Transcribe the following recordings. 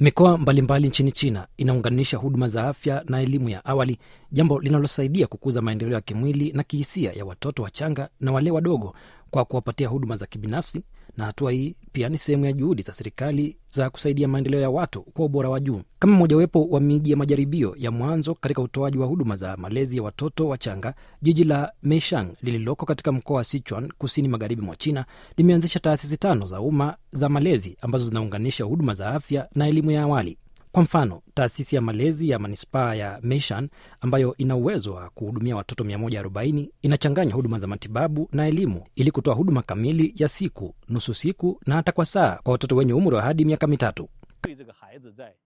Mikoa mbalimbali nchini China inaunganisha huduma za afya na elimu ya awali, jambo linalosaidia kukuza maendeleo ya kimwili na kihisia ya watoto wachanga na wale wadogo kwa kuwapatia huduma za kibinafsi, na hatua hii pia ni sehemu ya juhudi za serikali za kusaidia maendeleo ya watu kwa ubora wa juu, kama mmojawepo wa miji ya majaribio ya mwanzo katika utoaji wa huduma za malezi ya watoto wachanga. Jiji la Meishang lililoko katika mkoa wa Sichuan, kusini magharibi mwa China, limeanzisha taasisi tano za umma za malezi ambazo zinaunganisha huduma za afya na elimu ya awali. Kwa mfano, taasisi ya malezi ya manispaa ya meshan ambayo ina uwezo wa kuhudumia watoto 140 inachanganya huduma za matibabu na elimu ili kutoa huduma kamili ya siku, nusu siku na hata kwa saa kwa watoto wenye umri wa hadi miaka mitatu.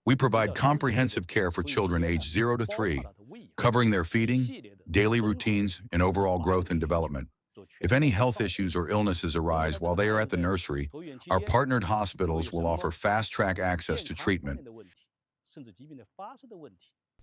We provide comprehensive care for children age 0 to 3, covering their feeding, daily routines, and overall growth and development. If any health issues or illnesses arise while they are at the nursery, our partnered hospitals will offer fast track access to treatment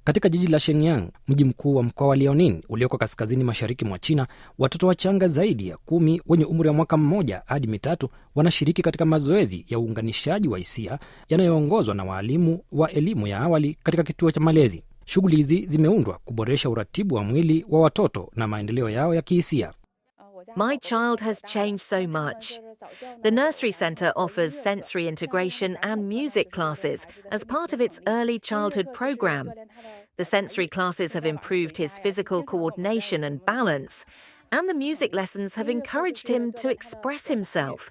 katika jiji la Shenyang, mji mkuu wa mkoa wa Liaoning ulioko kaskazini mashariki mwa China, watoto wachanga zaidi ya kumi wenye umri wa mwaka mmoja hadi mitatu wanashiriki katika mazoezi ya uunganishaji wa hisia yanayoongozwa na waalimu wa elimu ya awali katika kituo cha malezi. Shughuli hizi zimeundwa kuboresha uratibu wa mwili wa watoto na maendeleo yao ya kihisia. My child has changed so much. The Nursery Centre offers sensory integration and music classes as part of its early childhood programme. The sensory classes have improved his physical coordination and balance, and the music lessons have encouraged him to express himself.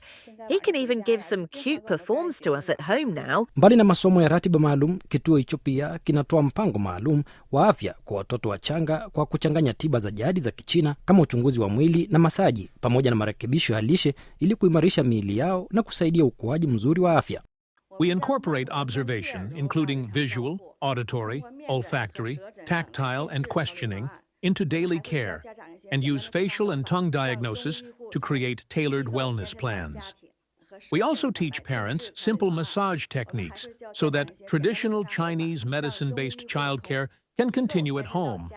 He can even give some cute performs to us at home now. Mbali na masomo ya ratiba maalum, kituo hicho pia kinatoa mpango maalum wa afya kwa watoto wachanga kwa kuchanganya tiba za jadi za Kichina kama uchunguzi wa mwili na masaji pamoja na marekebisho ya lishe ili kuimarisha miili yao na kusaidia ukuaji mzuri wa afya. We incorporate observation including visual, auditory, olfactory, tactile and questioning into daily care and use facial and tongue diagnosis to create tailored wellness plans. We also teach parents simple massage techniques so that traditional Chinese medicine-based childcare can continue at home